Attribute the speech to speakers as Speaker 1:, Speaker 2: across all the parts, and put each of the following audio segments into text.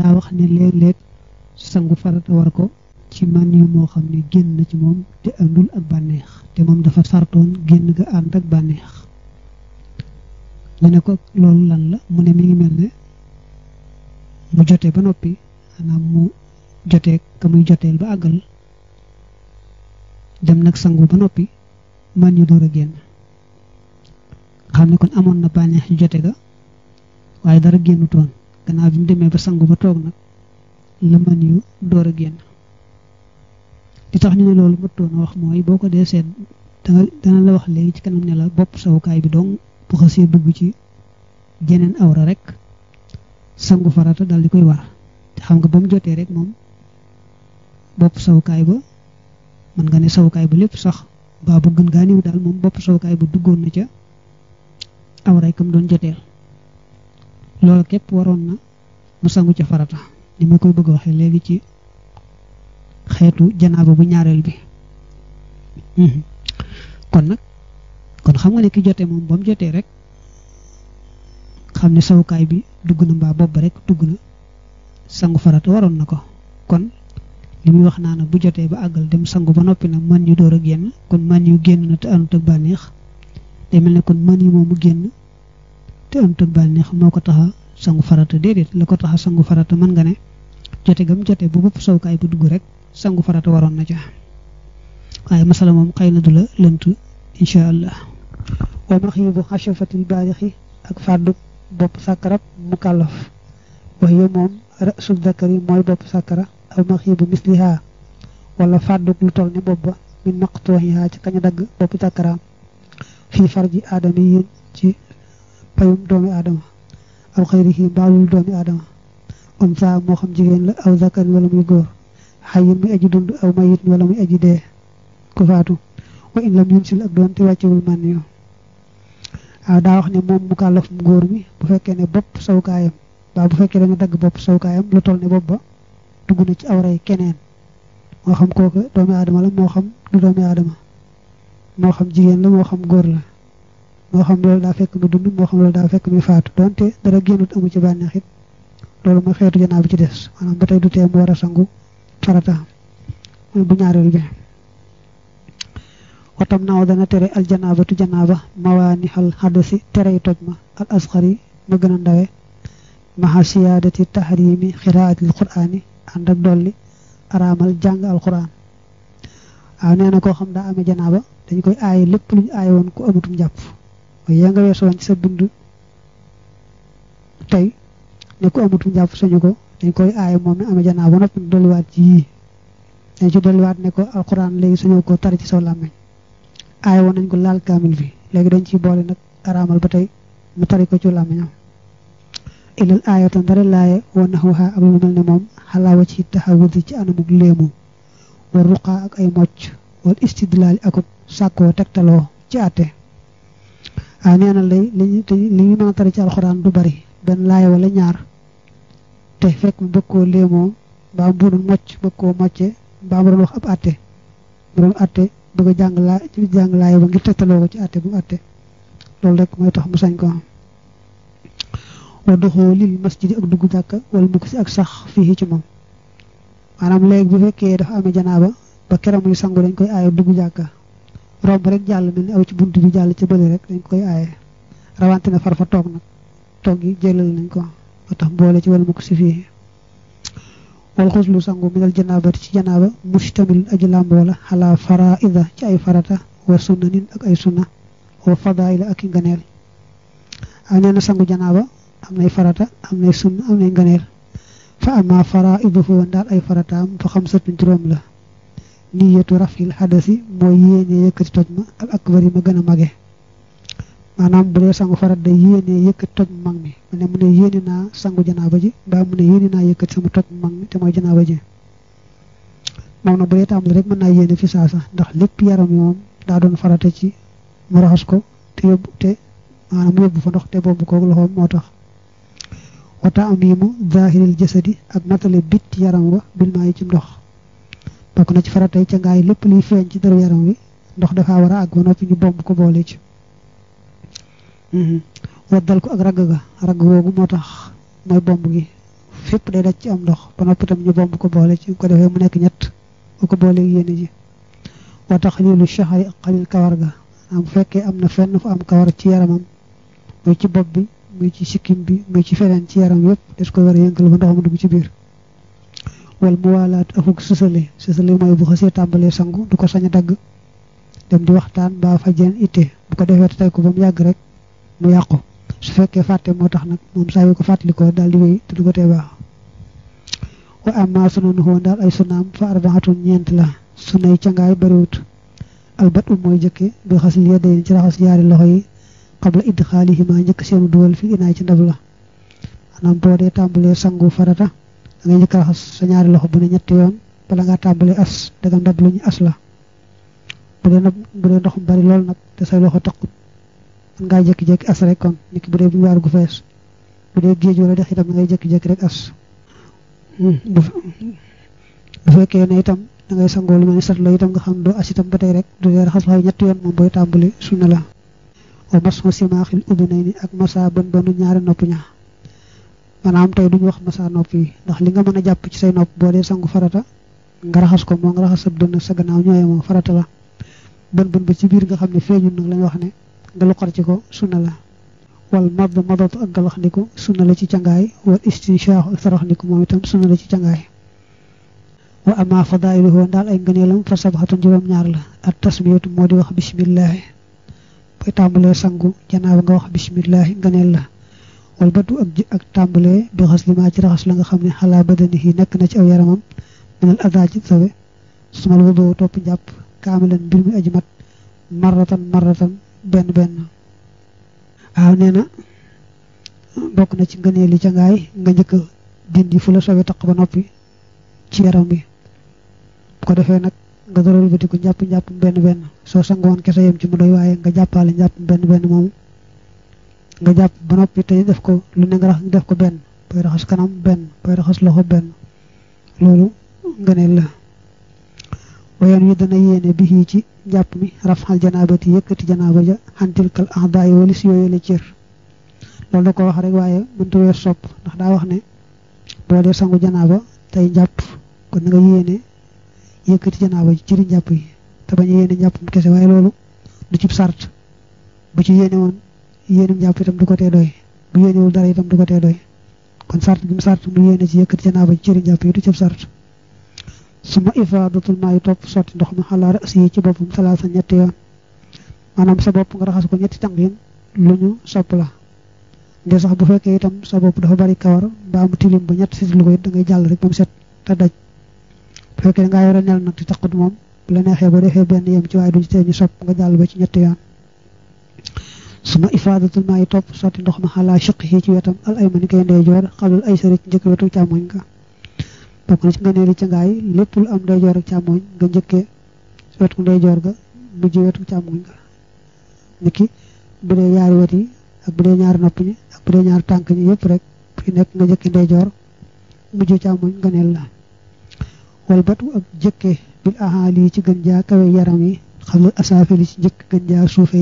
Speaker 1: daa wax ne léeg-léeg sangu farata war ko ci man yu moo xam ne génn na ci moom te àndul ak bànneex te moom dafa sartoon génn nga ànd ak bànneex ñu ne ko loolu lan la mu ne mi ngi mel ne mu jotee ba noppi xanaa mu jotee ka muy joteel ba àggal dem nag sangu ba noppi man yu door a génn xam ne kon amoon na bànneex ci jote ga waaye dara génnutoon gannaaw bi mu demee ba sangu ba toog nag la mën yu door a génn li tax ñu ne loolu mëttoon a wax mooy boo ko dee seet dana la wax léegi ci kanam ne la bopp sawukaay bi dong bu xasee dugg ci jeneen awra rek sangu farata dal di koy war te xam nga ba mu jotee rek moom bopp sawukaay ba mën nga ne sawukaay bu lépp sax baa bu gën gaa niw daal moom bopp sawukaay bu duggoon na ca awra kam doon joteel loolu képp waroon na mu sangu ci farata ni ma koy bëgg a waxee léegi ci xeetu janaaba bu ñaareel bi mhm. kon nag kon xam nga ne ki jotee moom ba jotee rek xam ne sawukaay bi dugg na mbaa bopp rekk dugg na sangu farata waroon na ko kon li muy wax naa ne bu jotee ba àggal dem sangu ba noppi nag man yu door a génn kon man yu génn na te bànneex te mel ne kon man moom bu génn te am tëg bànneex moo ko taxa sangu farata déedéet la ko taxa sangu farata mën nga ne jote gam jote bu bopp sowkaay bu dugg rek sangu farata waroon na ca waaye masala moom xëy na du la lënt incha allah wa maxyibu xachafatil baarixi ak fàddu bopp sàkkarab mu kàllaf wax yo moom rasul dakari mooy bopp sàkkara aw maxyibu misliha wala fàddu lu toll ne bopp ba min maqtooxiha ci kañu dagg bopp sàkkaraam fii farji aadami yi ci payum doomi aadama aw xayrihi mbaalul doomi aadama on saa moo xam jigéen la aw zakar wala muy góor xayin muy aji dund aw mayit wala muy aji dee ku faatu wa in lam yun sil ak doon te wàccewul mànn yo daa wax ne moom mu kàllaf mu góor mi bu fekkee ne bopp sawkaayam waaw bu fekkee da nga dagg bopp sawkaayam lu toll ne bopp ba dugg na ci awray keneen moo xam kooku doomi aadama la moo xam du doomi aadama moo xam jigéen la moo xam góor la moo xam loolu daa fekk mu dund moo xam loolu daa fekk mu faatu donte dara génnut amu ci bànneex loolu mooy xeetu janaa bi ci des maanaam ba tey du tee mu war a sangu farata muy bu ñaareel bi watam naaw dana tere al janaabatu janaaba mawaani xal xadasi terey toj ma al asxari ma gën a ndawe maha siyaadati taxrimi xiraatil quraani ànd dolli araamal jàng al quraan waaw nee na koo xam daa amee janaaba dañ koy aaye lépp luñ aaye woon ku amatum jàpp yaa nga weesu ci sa dund tey ne ku amatul njàpp sañu ko dañ koy aaye moom mi amee janaa ba noppi dolliwaat ci yii dañ ci dolliwaat ne ko alxuraan léegi sañoo ko tari ci saw làmmiñ aaye woon nañ ko laal kaamil bi léegi dañ ciy boole nag araamal ba tey mu tari ko ci làmmiñam ilal aaya tan dara laaye woon na waxaa ak mel ni moom xalaawa ci taxawudi ci anamug léemu war ruqaa ak ay mocc wal istidlaal akub sàkkoo tegtaloo ci àtte ah nee na lay li ñu mën a tari ci alxuraan du bari benn laay wala ñaar te fekk mu bëgg koo léemoo mbaam bu doon mocc bëgg koo mocce mbaam doon wax ab àtte mu doon àtte bëgg a jàng laa jàng laay ba ngir tegtaloo ko ci àtte bu mu àtte loolu rek mooy tax mu sañ ko wa doxoo lil masjidi ak dugg jàkka wala mu si ak sax fii ci moom maanaam léegi bu fekkee dafa amee janaaba ba keroog muy sangu dañ koy aayu dugg jàkka romb rek jàll mel ni aw ci bunt bi jàll ca bële rek dañ koy aaye rawante na far fa toog nag toog yi jëlal nañ ko ba tax boole ci wal mu si fii wal xuslu sangu minal janaabati ci janaaba mustamil aji làmboo la xalaa faraida ci ay farata wa sunnanin ak ay sunna ak i nganeel am nee na sangu janaaba am nay farata am nay sunna am nay nganeel fa ama faraiduhu daal ay farataam fa xam satin juróom la niyatu rafil xadasi mooy yéenee yëkkati toj ma al akbar ma gën a mage maanaam bu dee sangu farat day yéenee yëkkati toj mu mag mi mu ne mu ne yéene naa sangu janaaba ji mbaa mu ne yéene naa yëkkati sama toj mu mag mi te mooy janaaba ji moom na bu dee tàmbali rek mën naa yéene fi sax ndax lépp yaram moom daa doon farate ci mu raxas ko te yóbbu te maanaam yóbbu fa ndox te boobu ko loxoom moo tax wata amimu zahiril jasadi ak natale bit yaram wa bil ci ndox bokk na ci faratay ca ngaay lépp luy feeñ ci dëru ndox dafa war ñu bomb ko boole ci mm-hmm. ko ak ragg ga ragg googu moo tax mooy bomb gi fépp day daj ci am ndox ba noppi tam ñu bomb ko boole ci ko mu nekk ñett bu ko boolee yéene ji wa taxliilu shahri ak xalil kawar ga am fekkee am na fenn fu am kawar ci yaramam muy ci bopp bi muy ci sikkim bi muy ci feneen ci yaram yépp des koy war a yëngal ba ndox mu dugg ci biir wal mu waalaat akuk sësale sësale mooy bu xasee tàmbalee sangu du ko saña dagg dem di waxtaan ba fa jeen itte bu ko defee tey ko ba mu yàgg rek mu yàqu su fekkee fàtte moo tax nag moom saa yu ko fàttalikoo dal di wéy te du ko tee baax wa amma sunanu woon daal ay sunaam fa arbaatun ñeent la sunay cangaay bariwut albat um mooy jëkke bi xas li yeddayn ci raxas yaari loxo yi qabla idxaalihima njëkk seenu duwal fi inaay ci ndab la maanaam boo dee tàmbalee sangu farata da ngay raxas sa ñaari loxo bu ne ñetti yoon bala ngaa tàmbali as daga ndab lu ñu as la bu dee ndox mu bari lool nag te say loxo taqut mën ngaa jékki-jékki as rek kon nit bu dee bu waar gu fees bu dee géej wala dex itam da ngay jékki-jékki rek as hmm, bu fekkee ne itam da ngay sangoo lu mel ni set la itam nga xam doo as itam ba tey rek du dee raxas loxo ñetti yoon moom booy tàmbali sunna la wa mason simaaxil ubbi nay ni ak masa bën bënu ñaari nopp ñaa maanaam tey duñu wax masa nopp yi ndax li nga mën a jàpp ci say nopp boo dee sangu farata nga raxas ko moo nga raxas sab dënn sa gannaaw ñooye moom farata la bën bën ba ci biir nga xam ne feeñul nag lañu wax ne nga luqar ci ko sunna la wal mab mabatu ak galax ndiku la ci cangaay wal istinshaaxu ak sarax moom itam sunna la ci cangaay wa ama fadailuhu daal ay ngëneelam fa sabaxatun juróom ñaar la ak tasmiyatu moo di wax bismillaahi booy tàmbalee sangu janaaba nga wax bismillaahi ngëneel la wal badu ak ji ak tàmbalee bi xas li maa ci raxas la nga xam ne xalaa badanihi nekk na ci aw yaramam minal adaa ci sawe sumal wudoo topp jàpp kaamilan mbir mi aji mat marratan marratan benn benn waaw nee na bokk na ci ngëneel yi ca ngaay nga njëkk dindi fu la sobe taq ba noppi ci yaram bi bu ko defee nag nga doral batiku njàpp njàpp benn benn soo sangoon kese yem ci mu doy waaye nga jàppale njàpp benn benn moomu nga jàpp ba noppi te ñu def ko lu ne nga def ko benn booy raxas kanam benn booy raxas loxo benn loolu ngëneel la wayen wi dana yéene bi ci jàpp mi rafal janaabati yëkkati janaaba ja xantil kal ahdaay walis yooyu la cër loolu da ko wax rek waaye mënta weer sopp ndax daa wax ne boo dee sangu janaaba tey jàpp kon nga yéene yëkkati janaaba ji cëri njàpp yi te ba ñu a yéene njàppum kese waaye loolu du cib sart bu ci yéene woon yéenim jàpp tam du ko tee doy bu yéenewul dara tam du ko tee doy kon sart bi mu sart mu yéene ci yëkkati janaaba ci cëri jàpp yi du cëb sart su ma ifaadatul maa yi topp sotti ndox mi xalaat rasi yi ci boppam sa ñetti yoon maanaam sa bopp nga raxas ko ñetti tànk yi lu ñu sopp la nde sax bu fekkee itam sa bopp dafa bari kawar ba am tilim ba ñett sitlu ko it da ngay jàll rek ba mu set te daj bu fekkee da ngaa yore nel nag di taqut moom la neexee ba defee benn yem ci waaye duñu tee ñu nga jàll ba ci ñetti yoon suma ifaadatul maa yi topp sotti ndox ma xalaa shiqihi ci wetam al aymani kay ndeyjoor xablal aysari ci njëkk wetu càmmoñ ka bokk na ci nga neeli ci ngaay lépp lu am ndeyjoor ak càmmoñ nga njëkkee wetu ndeyjoor ga mujj wetu càmmoñ ga niki bu dee ñaari wet yi ak bu dee ñaari nopp ñi ak bu dee ñaari tànk ñi yëpp rek fi nekk nga njëkkee ndeyjoor mujj càmmoñ nga neel la wal batu ak jëkkee bil ahaali yi ci gën jaa kawe yaram yi xablal asaafili ci njëkk gën jaa suufe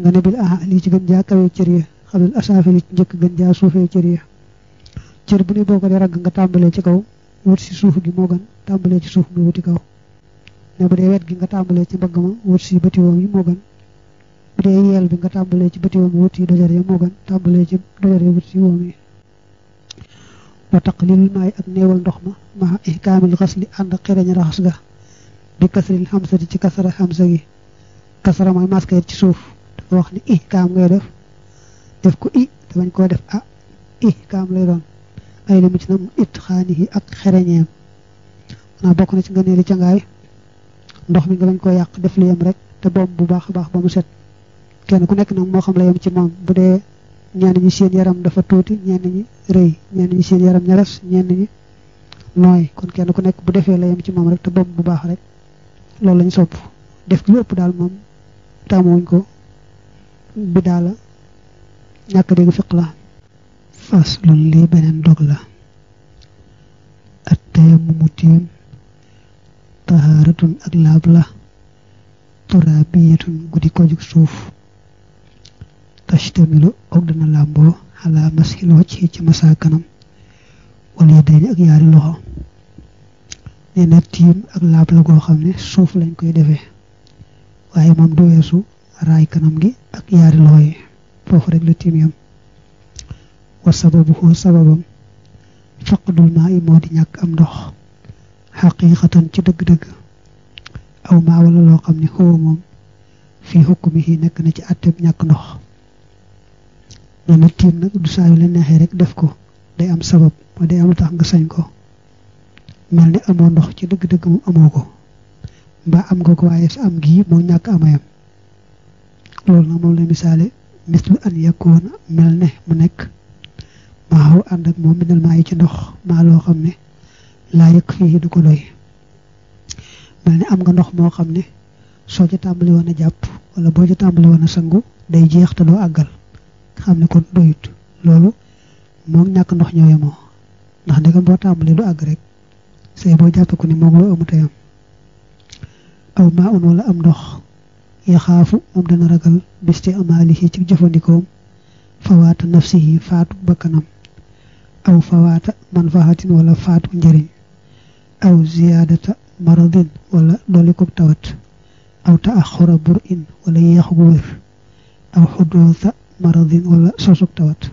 Speaker 1: nga ne bil lii ci gën jaa kawee cër ya xabil asaafi li ci njëkk gën jaa suufee cër ya cër bu ne boo ko dee ragg nga tàmbalee ci kaw wut si suuf gi moo gën tàmbalee ci suuf nga wuti kaw ne bu dee wet gi nga tàmbalee ci mbagg ma wut si bëtiwoom yi moo gën bu dee yeel bi nga tàmbalee ci bëtiwoom wut si dojar ya moo gën tàmbalee ci dojar ya wut si woom yi wa taqlil maay ak néewal ndox ma ma ihkaamil xasli ànd xereñ raxas ga bi kasril xamsati ci kasara xamsa gi kasara mooy ci suuf boo wax ne ihkaam ngay def def ko i te bañ koo def a ah, ihkaam lay doon ay la mucc na mu it xaanihi ak xereñeem naa bokk na ci nga neeli cangaay ndox mi nga bañ koo yàq def lu yem rek te boom bu baax a baax ba mu set kenn ku nekk nag moo xam la yem ci moom bu dee ñenn ñi seen yaram dafa tuuti ñenn ñi rëy ñenn ñi seen yaram ñares ñenn ñi nooy kon kenn ku nekk bu defee la yem ci moom rek te boom bu baax rek loolu lañ sopp def lu ëpp daal moom taamuwuñ ko bidaa la ñàkk dégg fiq la faslun lii beneen dog la at-tayammumu tiim tahaaratun ak laab la turaabiyatun guddi kojug suuf tashtamilu og dana làmboo xalaa masxil wajhi ci masaa kanam wala yadayni ak yaari loxo nee tiim ak laab la goo xam ne suuf lañ koy defee waaye moom du weesu raay kanam gi ak yaari loxo yi foofu rek la tiim yam wa sababu xoo sababam faqdul maa i moo di ñàkk am ndox xaqiiqatan ci dëgg-dëgg aw maa wala loo xam ne xoo moom fii xukk mi yi nekk na ci àtte ñàkk ndox ne la tiim nag du saa yu neexee rek def ko day am sabab moo day am tax nga sañ ko mel ne amoo ndox ci dëgg-dëgg mu amoo ko mbaa am nga ko waaye sa am gii moo ñàkk amayam loolu nag moom lay misaale mislu an yakuna mel ne mu nekk maaxaw ànd ak moom minal maa yi ci ndox maa loo xam ne laa yëg fii du ko doy mel ne am nga ndox moo xam ne soo ci tàmbali woon a jàpp wala boo ci tàmbali woon a sangu day jeex te doo àggal xam ne ko doyut loolu moom ñàkk ndox ñoo yemoo ndax ndegam boo tàmbali du àgg rek say boo jàppee ko ni moom loo amu aw maa un wala am ndox yaxaafu moom dana ragal biste amaalihi ci jëfandikoom fawaata nafsihi faatu bakkanam aw fawaata manfaatin wala faatu njëriñ aw ziyaadata maradin wala dolli tawat aw taaxura bur in wala yeexu gu wér aw xuduusa maradin wala sosug tawat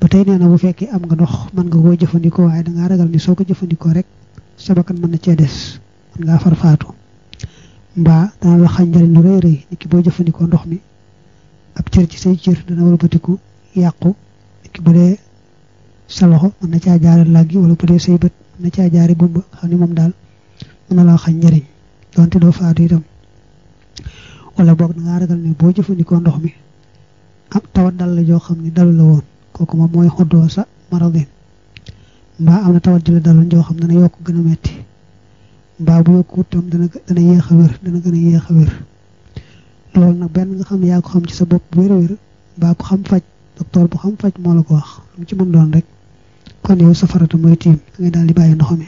Speaker 1: ba tey nee na bu fekkee am nga ndox mën nga koo jëfandikoo waaye dangaa ragal ni soo ko jëfandikoo rek sa mën na cee des mën ngaa far faatu mbaa dana la xañ njariñ lu rëy rëy nit ki boo jëfandikoo ndox mi ab cër ci say cër dana wala batiku yàqu nit ki bu dee sa loxo mën na caa jaare làgg wala bu dee say bët mën na caa jaare gumba xam ne moom daal mën na laa xañ njariñ donte doo faatu itam wala boog da ragal ne boo jëfandikoo ndox mi am tawat dal la joo xam ne dalu la woon kooku moom mooy xoddoo sa maradin mbaa am na tawat ji la joo xam ne na yokk gën a metti mbaa bu yokkuwut tam dana dana a wér dana gën a yéex a wér loolu nag benn nga xam yaa ko xam ci sa bopp wér-wér mbaa ko xam faj docteur bu xam faj moo la ko wax lu ci mën doon rek kon yow sa mooy tiim da daal di bàyyi ndox mi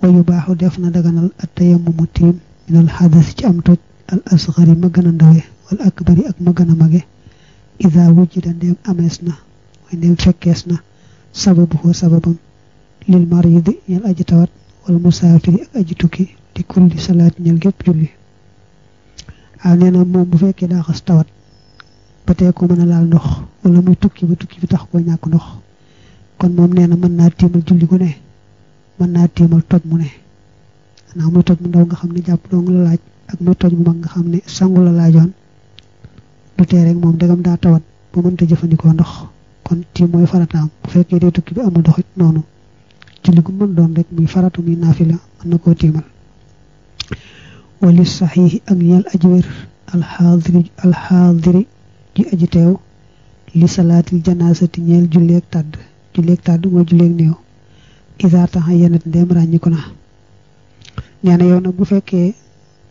Speaker 1: wayu baaxu def na daganal at ci am toj al asxari ma gën a ndawe wala akbari ak ma gën mage isa wujjida ndeem amees na waaye ndeem fekkees na sababu ko sababam lil maridi ñel aji tawat wala musaafiri ak aji tukki di kulli salaat ñeel gépp julli waaw nee na moom bu fekkee daa xas tawat ba tee ko mën a laal ndox wala muy tukki ba tukki bi tax koo ñàkk ndox kon moom nee na mën naa tiimal julli gu ne mën naa tiimal toj mu ne xanaa muy toj mu ndaw nga xam ne jàpp dong la laaj ak muy toj mu mag nga xam ne sangu la laajoon du tee rek moom dagam daa tawat ba mënta jëfandikoo ndox kon tiim mooy farataam bu fekkee dee tukki bi amul ndox it noonu julli gu mën doom rek muy faratu muy la mën na koo tiimal wali saxiix ak ñeel aji wér alxaadiri alxaadiri ji aji teew li salaatil janaasati ñeel julleeg tàdd julleeg tàdd mooy julleeg néew isaa taxa yennet ndeem ràññiku na nee na yow bu fekkee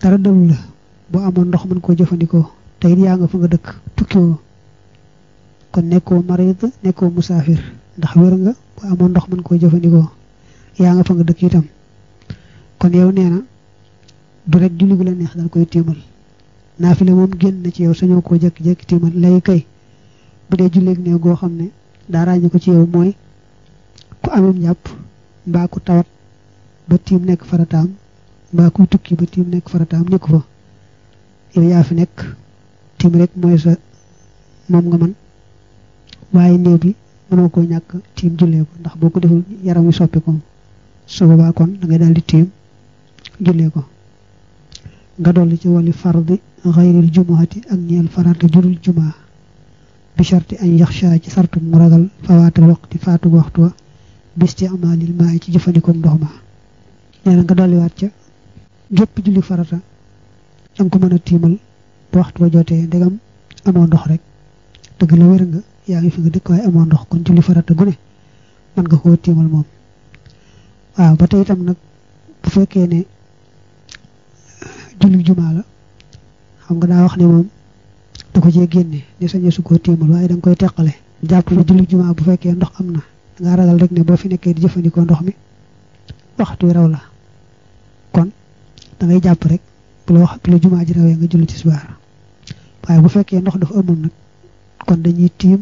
Speaker 1: dara dalu la boo amoon ndox mën koo jëfandikoo te it yaa nga fa nga dëkk tukkiwoo kon nekkoo marid nekkoo musaafir ndax wér nga boo amoon ndox mën koo jëfandikoo yaa nga fa nga dëkk itam kon yow nee na du rek julli la neex dal koy tiimal naafile moom génn na ci yow sañoo koo jékki-jékki tiimal lay kay bu dee julleeg ne goo xam ne daa ràññi ko ci yow mooy ku amum njàpp mbaa ku tawat ba tiim nekk farataam mbaa kuy tukki ba tiim nekk farataam nekku fa yow yaa fi nekk tiim rek mooy sa moom nga man waaye néew bi mënoo koo ñàkk tiim jullee ndax boo ko deful yaram wi soppi ko su boobaa kon da daal di tiim jullee ko nga dolli ci wali fardi xayril jumaati ak ñeel faraata jurul jumaa bi sharti yaxsha ci sartu mu ragal fawaatal waqti faatu waxtu wa bis ci amaalil maa ci jëfandikoo ndox ma nee na nga dolliwaat ca gépp julli farata danga ko mën a tiimal bu waxtu wa jotee ndegam amoo ndox rek dëgg la wér nga yaa ngi fi nga dëkk waaye amoo ndox kon julli farata gu mën nga koo tiimal moom waaw ba tey itam nag bu fekkee ne julli jumaa la xam nga daa wax ne moom da ko cee génne ne sañe su koo tiimal waaye da koy teqale jàpp ne jumaa bu fekkee ndox am na nga rek ne boo fi nekkee di jëfandikoo ndox mi waxtu raw la kon da jàpp rek bu la wax bu la jumaa ji rawee nga julli tisbaar waaye bu fekkee ndox dafa amul nag kon dañuy tiim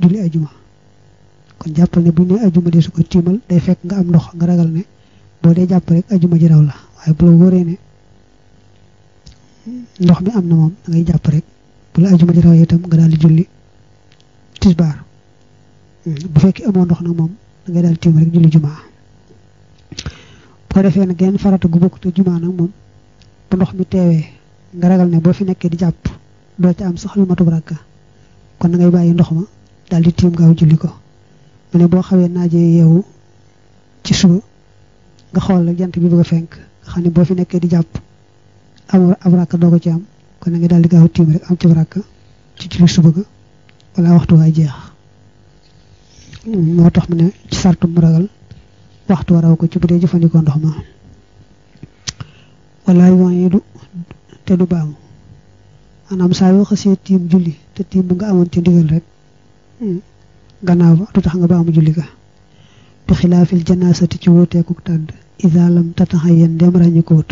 Speaker 1: julli ay jumaa kon jàppal ne bu ñu nee ajuma de su ko tiimal day fekk nga am ndox nga ragal ne boo dee jàpp rek ajuma ji raw la waaye bu la wóoree ne ndox mi am na moom dangay jàpp rek bu la ajuma ji raw itam nga daal di julli tisbaar hmm, bu fekkee amoo ndox nag moom da ngay daal di rek julli jumaa bu ko defee nag genn farata gu bokk te jumaa nag moom bu ndox mi teewee nga ragal ne boo fi nekkee di jàpp doo ca am sax lu matub rakka kon da ngay bàyyi ndox ma daal di tiim gaaw julli ko mu ne boo xawee naajee yeewu ci suba nga xool la jant bi bëgg a fenk nga xam ne boo fi nekkee di jàpp am ab rakk doo ko ci am kon na nga daal di gaaw tiim rek am ci rakk ci julli jeex moo tax mu ci sartu mu ragal waxtu waraw ko ci bu dee jëfandikoo ndox ma wala yoon du te du baamu maanaam saa yoo xasee tiim julli te tiim bu nga amoon ci ndigal rek hmm, gannaaw ba du tax nga baamu julli ga bi xilaafil janaasati ci wuuteeku tàdd isa lam tataxa yéen dem ràññi ko wut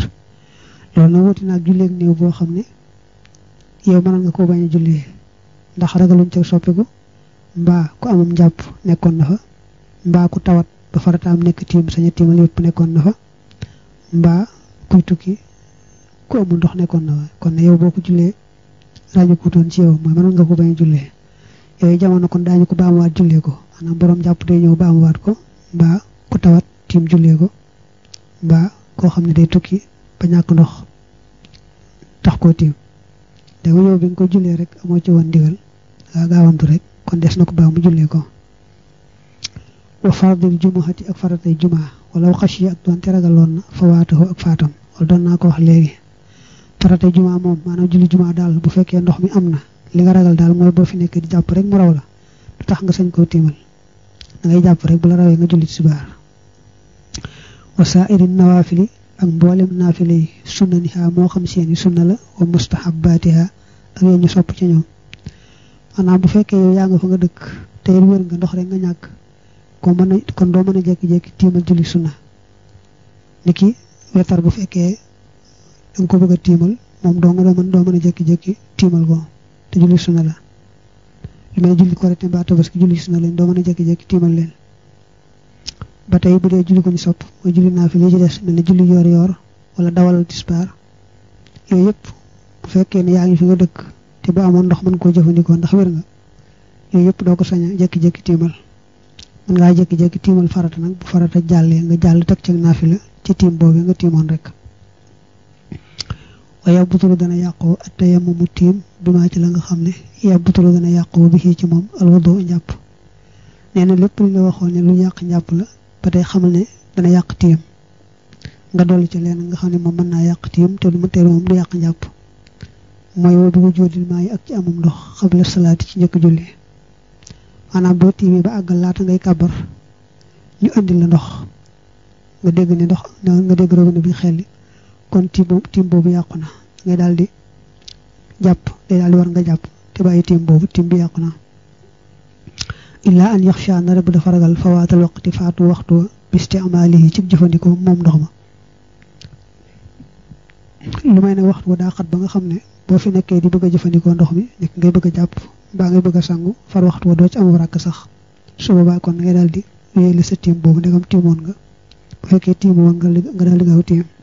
Speaker 1: loolu nag wuti naag néew boo xam ne yow mënoon nga ko bañ a jullee ndax ragaluñ ca soppiku mbaa ku amum njàpp nekkoon na fa mbaa ku tawat ba farataam nekk tiim saña tiimal yëpp nekkoon na fa mbaa kuy tukki ku amul ndox nekkoon na fa kon ne yow boo ko jullee ràññi ko ci yow mooy mënoon nga ko bañ a jullee yooyu jamono kon daañu ko baamuwaat jullee ko maanaam boroom jàpp day ñëw baamuwaat ko mbaa ku tawat tiim jullee ko mbaa koo xam ne day tukki ba ñàkk ndox tax koo tiim danga yow bi nga ko jullee rek amoo ci woon ndigal nga gaawantu rek kon des na ko baamu jullee ko wa fardil jumuhati ak faratay jumaa wala xas yi ak doonte ragaloon na fa waatahu ak faatam wala doon naa ko wax léegi faratay jumaa moom maanaam julli jumaa daal bu fekkee ndox mi am na li nga ragal daal mooy boo fi nekk di jàpp rek mu raw la du tax nga sañ koo tiimal da ngay jàpp rek bu la rawee nga julli tisbaar wa saairin nawaafili ak mboole naafile yi moo xam seeni sunna la wa mustahabatiha ak yooyu ñu sopp ci bu fekkee yow yaa dëkk te yéen ndox rek nga ñàkk ko mën kon doo mën a jékki-jékki tiimal julli sunna ni wetar bu fekkee danga ko bëgg a tiimal moom doo doo mën doo mën a jékki-jékki tiimal ko korite julli sunna la lu mel julli korite mbaa tabaski julli sunna lañ doo mën a jékki-jékki tiimal leen ba tey bu dee julli ko ñu sopp mooy julli naa fi li ci des mel ne julli yoor yoor wala dawalal tisbaar yooyu yëpp bu fekkee ne yaa ngi fi nga dëkk te ba amoon ndox mën koo jëfandikoo ndax wér nga yooyu yëpp doo ko sañ a jékki-jékki tiimal mën ngaa jékki-jékki tiimal farata nag bu farata jàllee nga jàll teg ci la ci tiim boobu nga tiimoon rek wa yabutulu dana yàqoo atta yemma mu tiim bi maa ci la nga xam ne yabutulu dana yàqoo bi ci moom alwado njàpp nee na lépp lu ñu waxoon ne lu yàq njàpp la ba tey xamal ne dana yàq tiim nga dolli ci leen nga xam ne moom mën naa yàq tiim te lu mu teel moom du yàq njàpp mooy woo bi nga jóodil yi ak ci amum ndox xabla salaati ci njëkk julli maanaam boo tiimee ba àggal laata ngay kàbbar ñu andi la ndox nga dégg ne ndox nga dégg robinet bi kon tiim boobu tiim boobu yàqu na ngay dal di jàpp day daal di war nga jàpp te bàyyi tiim boobu tiim bi yàqu na illaa an yaxsha na rek dafa ragal fawaatal waqti faatu waxtu wa biste amaali yi ci jëfandikoo moom ndox ma lu may ne waxtu daa xat ba nga xam ne boo fi nekkee di bëgg a jëfandikoo ndox mi nekk ngay bëgg a jàpp baa ngay bëgg a sangu far waxtu wa doo ci amul sax su boobaa kon ngay daal di wéyale sa tiim boobu ndegam tiimoon nga bu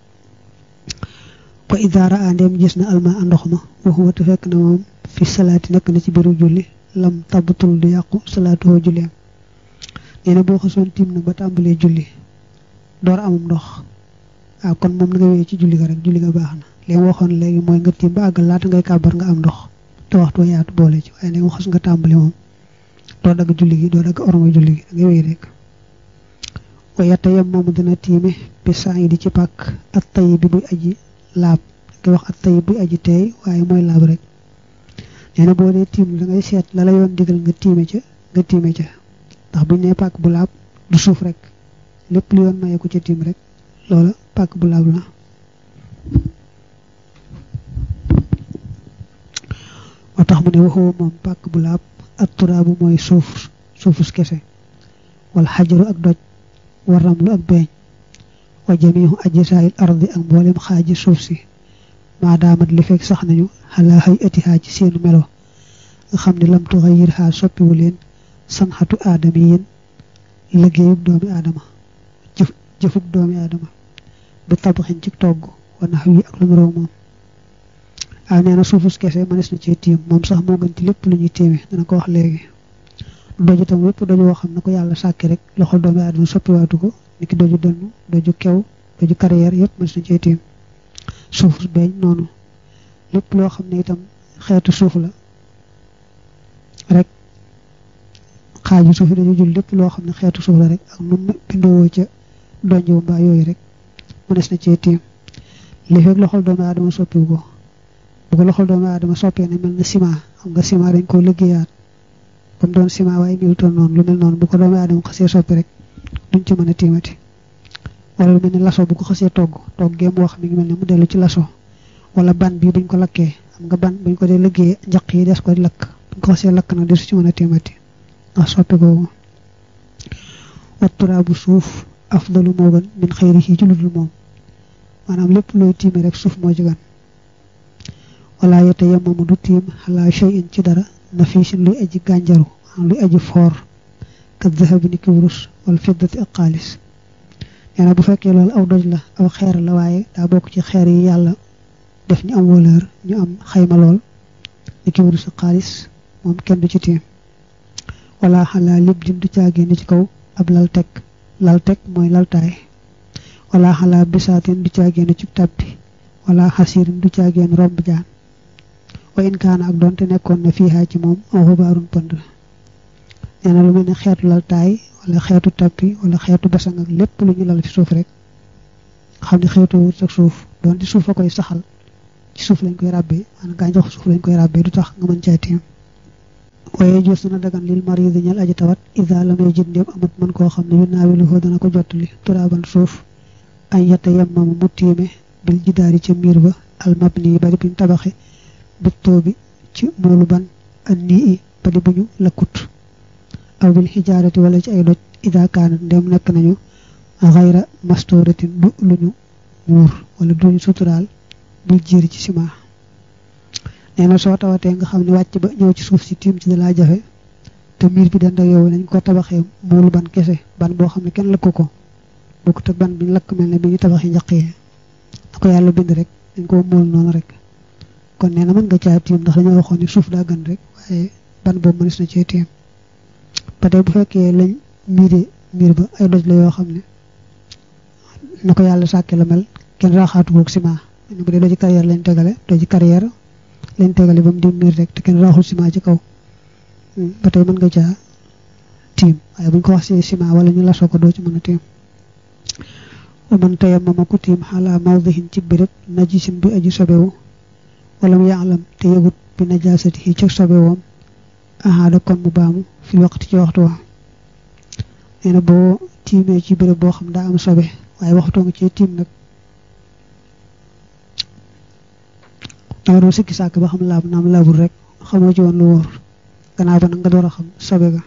Speaker 1: fa idaara andeem gis na alma a ndox ma waxu watu fekk na moom fi salaati nekk na ci biiru julli lam tabatul du yàqu salaatu woo julleem nee na boo xasoon tiim nag ba tàmbalee julli door amum ndox waaw ah, kon moom na nga ci julli rek julli ga baax na li mooy nga tiim ba àggal nga am ndox te waxtu wa ci waaye léegi mu moom doo da ngay wéy rek waaye tiime bi saa yi di ci pàkk ak tay bi buy aji laab nga wax ak tey buy aji tey waaye mooy laab rek nee na boo dee tiim da ngay seet la la yoon digal nga tiime ca nga tiime ca ndax buñ ne pàkk bu laab du suuf rek lépp lu yoon maye ko ca tiim rek loola pàkk bu laab la moo tax mu ne waxoo moom pàkk bu laab ak turaabu mooy suuf suufus kese wala xajaru ak doj waram lu ak beeñ wa jamihu ajsaa'il ardi ak mboolem xaaji suuf si maadaamat li fekk sax nañu xalaa xëy atihaa ci seenu melo nga xam ne lam tuxayir xaa soppiwu leen sanxatu aadama yi yéen liggéeyub doomi aadama jëf jëfub doomi aadama bi tabaxin ci togg wa nax wi ak lu mu nee na suufus kese mënees na cee tiim moom sax moo gën ci lépp lu ñuy téeme dana ko wax léegi doju tam wépp doju woo xam na ko yàlla sàkki rek loxol doomi aadama soppiwaatu ko niki doju dënn doju kew doju carrière yëpp mën nañ cee tiim suuf beeñ noonu lépp loo xam ne itam xeetu suuf la rek xaaju suuf yi dañu jul lépp loo xam ne xeetu suuf la rek ak nu bindoo ca donjwu mbaa yooyu rek mënees na cee tiim li fekk loxol doomu aadama soppiwu ko bu ko loxol doomu aadama soppee ne mel na ciment xam nga ciment dañ koo liggéeyaat ba mu doon ciment waaye mi lu toon noonu lu mel noonu bu ko doomu aadama xasee soppi rek duñ ci mën a tiimati wala lu mel ne laso bu ko xasee togg togg mu wax mi ngi mel ne mu dellu ci laso wala ban bii buñ ko lakkee xam nga ban buñ ko dee liggéeyee njaq yi des ko lakk buñ ko xasee lakk na desu ci mën a tiimati suuf afdalu moo gën min xayri ci ludul lépp looy tiime suuf moo ci gën wala du tiim xalaa shay'in ci dara na fii sin luy aji gànjaru maanaam luy aji foor kat zahabi ni ki wurus wal fiddati ak xaalis nee na bu fekkee loolu aw doj la aw xeer la waaye bokk ci xeer yi yàlla def ñu am valeur ñu xayma lool li ki wurus ak xaalis moom kenn du ci tiim wala xalaa lib jëm du caagee ni ci kaw ab lal teg lal teg mooy laltaay wala xalaa bisaatin du caagee ni ci tàbbi wala xasiirin du caagee ni romb jaan wa in kaana ak doonte nekkoon na fiihaa ci moom aw xubaarun pënd nee na lu mel ne xeetu lal taay wala xeetu tappi wala xeetu basang ak lépp lu ñu lal ci suuf rek xam ne xeetu wut ak suuf doon di suuf a koy saxal ci suuf lañ koy ràbbee maanaam gàncax suuf lañ koy ràbbee du tax nga mën caa tiim waaye jos dana dagan lil mariid ñal aji tawat isa lam yajid ndéem amut mën koo xam ne yu naawi lu dana ko jot jottali turaaban suuf añ yetta yemmam mu tiime bil jidaari ca miir ba almabni yi bari buñ tabaxe bi too bi ci moolu ban an nii i bari aw bil xijaarati wala ci ay doj ida kaana ndem nekk nañu xayra mastoratin du luñu muur wala du luñu suturaal bul jiir ci ciment nee na soo tawatee nga xam ne wàcc ba ñëw ci suuf si tiim ci dalaa jafe te miir bi danda yow nañ ko tabaxee muul ban kese ban boo xam ne kenn lakk ko bokkut ak ban bi ñu lakk mel ne bi ñu tabaxee njaq yi na ko yàlla bind rek dañ ko muul noonu rek kon nee na mën nga caa tiim ndax dañoo waxoon ni suuf daa gën rek waaye ban boobu mënees na ba tey bu fekkee lañ miire miir ba ay doj la yoo xam ne na ko yàlla sàkke la mel kenn raaxaatu koog ciment ñu bu dee doji carrière lañ tegale doji carrière ba mu di miir rek te kenn raaxul ciment ci kaw hmm, ba tey mën nga caa tiim waaye buñ ko wax si ciment wala ñu lasoo ko doo ci mën a tiim waman tayammama ku tiim xalaa mawdihin ci béréb najisin bi aju sobewu wala mu yaalam te yëgut bi najaasati ci sobewoom ahaada kon mu baamu fil ci waxtu wa nee na boo tiimee ci bërëb boo xam daa am sobe waaye waxtu nga cee tiim nag dawaroo sikki sàkk ba xam laab naam laabul rek xamoo ci woon lu wóor gannaaw ba nag nga door a xam sobe ga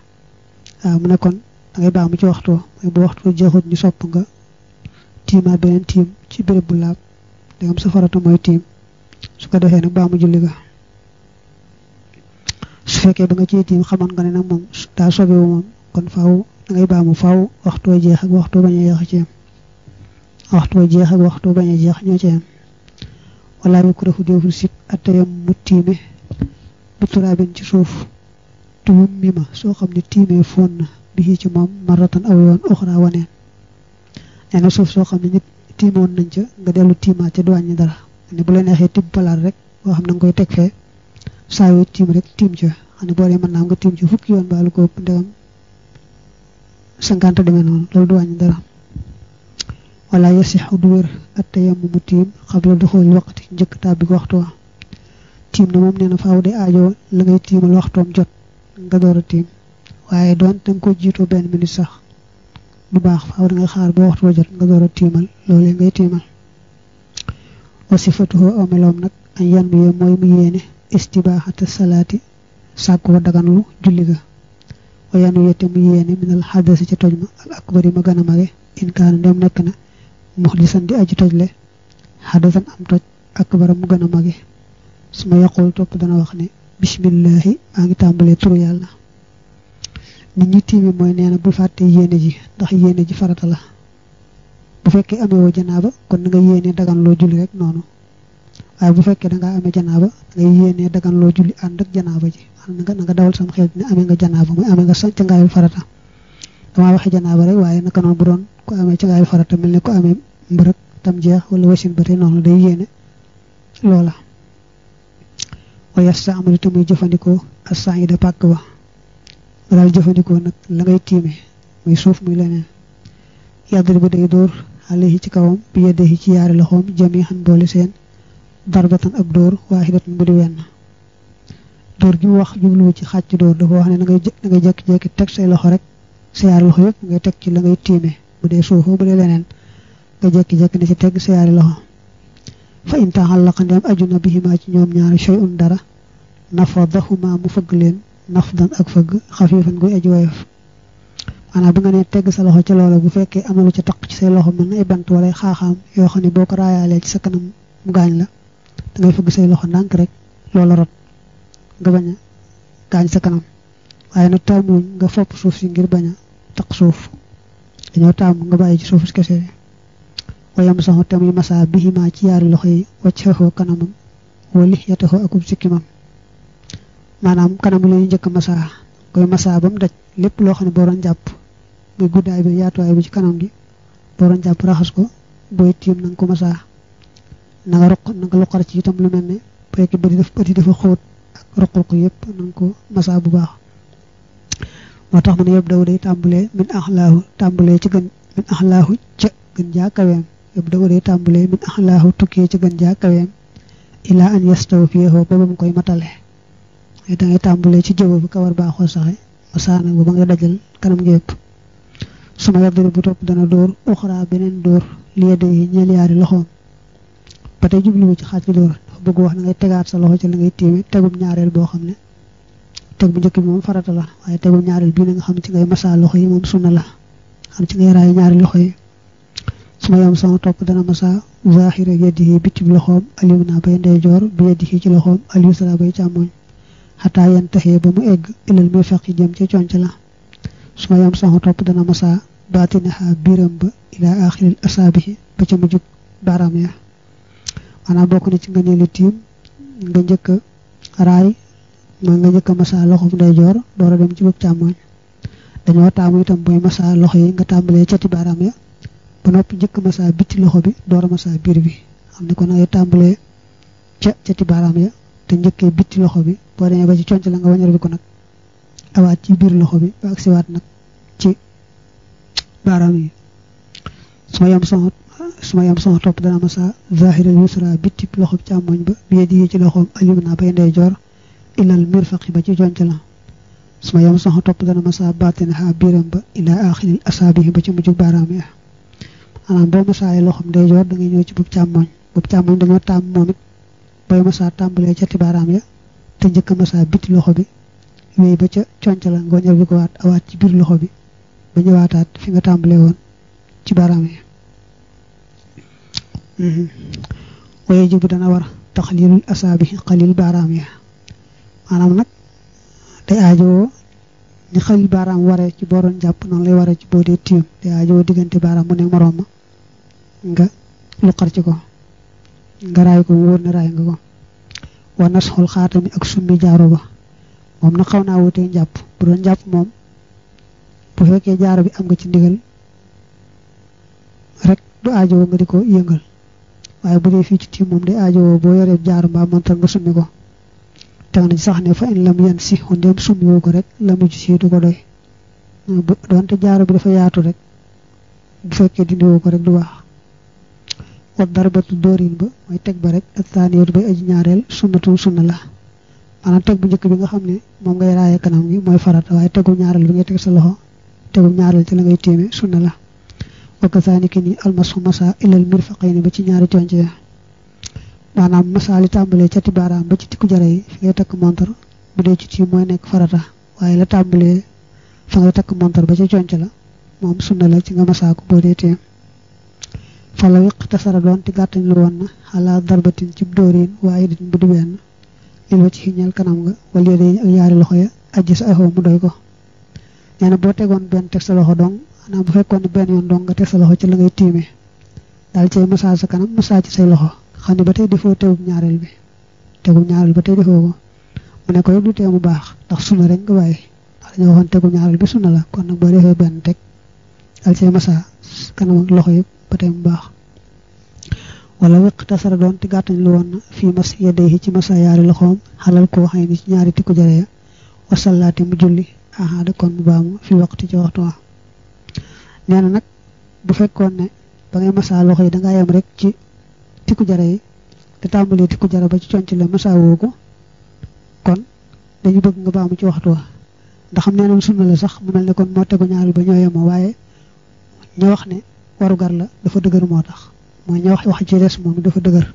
Speaker 1: waaw mu nekkoon kon dangay baax mu ci waxtu wa mooy bu waxtu jeexut ñu sopp nga tiimaat beneen tiim ci bërëb bu laab dangam sa farata mooy tiim su ko defee nag baax mu julli ga su fekkee ba nga cee tiim xamoon nga ne nag moom daa sobewu moom kon faaw da ngay baamu faaw waxtu wa jeex ak waxtu bañ a jeex ci yam waxtu wa jeex ak waxtu bañ jeex ñoo ci yam wala yukrahu déeful sib attayam mu tiime bi turaabin ci suuf tuum mi ma soo xam ne tiimee foon na bi ci moom maratan aw yoon oxra waneen nee na suuf soo xam ne nit tiimoon nañ ca nga dellu tiimaat ca du wàññi dara ne bu la neexee tibb palaat rek boo xam na nga koy teg fee saa yoo tiim rek tiim ca xam ne boo dee mën naa nga tiim ca fukki yoon baalu ko ndegam cinquante demee noonu loolu du wàññi dara wala yasixu du wér at tayammumu tiim xabla duxooli ko waxtu wa tiim na moom nee na faaw de aajoo la ngay tiimal waxtoom jot tiim waaye doon danga ko jiitoo benn minute sax du baax faaw da nga xaar ba waxtu wa jot nga door a tiimal loolee ngay tiimal wasifatuhu aw meloom nag an yan mu yee mooy mu yéene istibaaxata salaati sàkkoo daganlu julli ga wayaanu yette mu yéene minal xadasi ca toj ma al akbari ma gën a mage in kaana ndem nekk na muxlisan di aji tojle xadasan am toj ak akbara mu gën a mage su ma yaqul topp dana wax ne bismillaahi maa ngi tàmbalee turu yàlla nit ñi tiimi mooy nee na bul fàtte yéene ji ndax yéene ji farata la bu fekkee amewoo janaaba kon na nga yéene daganloo julli rek noonu waaye bu fekkee da ngaa amee janaaba ngay yéenee dagan loo julli ànd ak janaaba ji na nga na nga dawal sam xel ne amee nga janaaba mooy amee nga sa ca ngaayul farata damaa waxee janaaba rek waaye naka noonu bu doon ko amee ca ngaayul farata mel ne ko amee mbërëg tam jeex wala wasin ba tey noonu day yéene loola wa yastaamalu te muy jëfandikoo assaayida pàkk ba nga daal jëfandikoo nag la ngay tiime muy suuf muy leneen yàddari day dóor alayhi ci kawam bi yeddehi ci yaari darbatan ak dóor waaxidatan bu di wenn dóor gi mu wax jubluwu ci xàcc dóor dafa wax ne na ngay na ngay jékki-jékki teg say loxo rek sa yaari loxo yëpp ngay teg ci la ngay tiime bu dee suufu bu dee leneen nga jékki-jékki ne ci teg sa yaari loxo fa in aju na bihimaa ci ñoom ñaari shay'un dara nafadahuma mu fëgg leen nafdan ak fëgg xafiifan guy aju woyof maanaam bi nga nee tegg sa loxo ca loola bu fekkee amalu ca taq ci say loxo mën ay bant wala xaaxaam yoo xam ne boo ko raayaalee ci sa kanam mu gaañ la da ngay fëgg say loxo ndànk rek loola rot nga bañ a gaañ sa kanam waaye na taamu nga fopp suuf si ngir baña a suuf dañoo taamu nga bàyyi ci suuf si kese bi wayam saxu te muy masaa bihimaa ci yaari loxo yi wacc xeexoo kanamam wala yataxoo akub sikkimam maanaam kanam la ñuy njëkk masaa koy masaa bam mu daj lépp loo xam ne boo doon jàpp muy guddaay bi yaatuwaay bi ci kanam gi boo jàpp raxas ko booy tiim na ko masaa na nga roq na nga luqar ci itam lu mel ne pay ki bëri daf dafa xóot ak roqal ko yëpp na ko masa bu baax moo tax mu ne yëpp da day tàmbule min axlaahu tàmbalee ci gën min axlaahu ca gën jaa kaweem yëpp daw day tàmbalee min axlaahu tukkee ci gën jaa kaweem ilaa an yastaw fiyoo ba ba mu koy matale da ngay ci jëbo bi kawar baaxoo saxe masaana bu ba nga dajal kanam gi yëpp suma yàgg bu topp dana dóor uxraa beneen dóor liy yedde yi ñeel loxoom ba tey jubluwu ci xaaj bi door dafa bëgg wax na ngay tegaat sa loxo ci la ngay téewe tegum ñaareel boo xam ne teg bu njëkk bi moom farata la waaye tegum ñaareel bii na nga xam ci ngay masaa loxo yi moom sunna la xam ci ngay raay ñaari loxo yi su ma yam sama topp dana masaa zahira yeddi yi bitti bi loxoom aliou naa bay ndeyjoor bi yeddi yi ci loxoom aliou sala bay càmmoñ xataa yan taxee ba mu egg ilal muy feq yi jëm ci la su ma yam sama topp dana masaa baatinaha biiram ba ilaa axiril asaabihi ba ca mujjug baaraam ya maanaam bokk na ci nga neelu tiim nga njëkk a raay mooy nga njëkk masaa loxo loxob ndeyjoor door a dem ci bëgg càmmoñ dañoo taamu itam booy masa loxo yi nga tàmbalee cati baaraam ya ba noppi njëkk masa bitti loxo bi door a bi xam ne kon ay tàmbalee ya te njëkkee bitti loxo bi boo demee ba ci conc la nga wañar bi ko nag awaat ci biir loxo bi ba agsiwaat nag ci baaraam yi soo yam soxot su ma yam sama topp dana masa zahiral yusra loxo loxob càmmoñ ba bi yedi ci loxoom alyum naa bay ndeyjoor ilal mirfaqi ba ci jonc la suma yam sama topp dana masa baatin ha biiram ba ila axiril asaabihi ba ci mujj baaraam ya maanaam boo masaayee loxoom ndeyjoor da ngay ñëw ci bub càmmoñ bopp càmmoñ dañoo tàmm moom it booy masaa tàmbalee ca baaraam ya te njëkk a masaa biti loxo bi wéy ba ca conc la ngooñal bi ko awaat ci biir loxo bi ba ñëwaataat fi nga tàmbalee woon ci baaraam Mm-hmm. waaye jibu dana war taxlilul asaabi xalil baaraam ya maanaam nag day aajoo ni xalil baaraam waree ci boo doon jàpp noonu lay waree ci boo dee tiim day aajoo diggante baaraam bu ne moroom ma nga luqar ci ko nga ko wóor na raay nga ak summi jaaro ba moom na xaw naa wutee njàpp bu doon njàpp moom bu fekkee jaaro bi am nga ci ndigal rek du aajoo nga di ko yëngal waaye bu fii ci tiim moom de aajowoo boo yoree jaar mbaa montal nga summi ko teg na ci sax ne fa in lam yan si xon dem summi woo ko rek lamu ci siitu ko doy donte jaaro bi dafa yaatu rek bu fekkee dindi woo ko rek du baax wat darbatu dóorin ba mooy teg ba rek ak saaniyatu bay aji ñaareel sunnatu sunna la maanaam teg bu njëkk bi nga xam ne moom ngay raaye kanam gi mooy farata waaye tegu ñaareel bi ngay teg sa loxo tegu ñaareel ci la ngay téeme sunna la wakazaniki ni almasu masa ilal mirfaqayni ba ci ñaari conc ya maanaam masa li tàmbalee ca tibaaraam ba ci tikku jare yi fi ngay takk montar bu dee ci tii mooy nekk farata waaye la tàmbalee fa ngay takk montar ba ci conc la moom sunna la ci nga masaaku boo dee teem fala wiq tasara doon ti gàttañ lu woon na xalaa darbatin cib dóorin waaye dit bu di benn lil wa ci xiñal kanam nga wala yédeñ ak loxo ya ajji sa axoo mu doy ko nee na boo tegoon benn sa loxo dong maanaam bu fekkoon benn yoon dong nga teg sa loxo ci la ngay tiime daal cay masaa sa kanam masaa ci say loxo xam ne ba tey defoo tegub ñaareel bi tegub ñaareel ba tey mu ne du tee mu baax ndax sunna rek nga bàyyi ndax dañoo waxoon la kon nag boo defee benn teg daal cay masaa kanam loxo yëpp ba tey mu baax wala wéq tasara doon te gàttañ lu woon fii mas yeddee ci masa yaari loxoom xalal ko waxee ni ci ñaari tikku jare ya wasalaati mu julli ahada kon mu baamu fi waxtu ci waxtu wa nee na nag bu fekkoon ne ba ngay masaa loxo yi da ngaa yem rek ci tikku jara yi te tàmbalee tikku jara ba ci conc la masaa woo ko kon dañu bëgg nga mu ci waxtu wa ndax xam nee na sunna la sax mu mel ne kon moo tegu ñaari ba ñoo yemoo waaye ñoo wax ne warugar la dafa dëgër moo tax mooy ñoo wax wax ci des moom dafa dëgër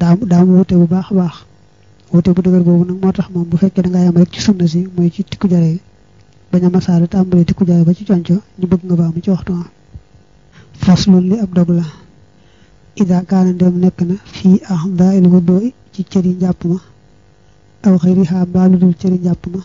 Speaker 1: daa daa mu wute bu baax a baax wute bu dëgër boobu nag moo tax moom bu fekkee da ngaa yem rek ci sunna si mooy ci tikku jara yi bañ a masaala tàmbalee ci kujaay ba ci conco ñu bëgg nga baamu ci waxtu wa faslun li ab dog la ida kaana dem nekk na fii ahdail wudu ci cëri njàpp ma aw xëy xaa mbaa dul cëri njàpp ma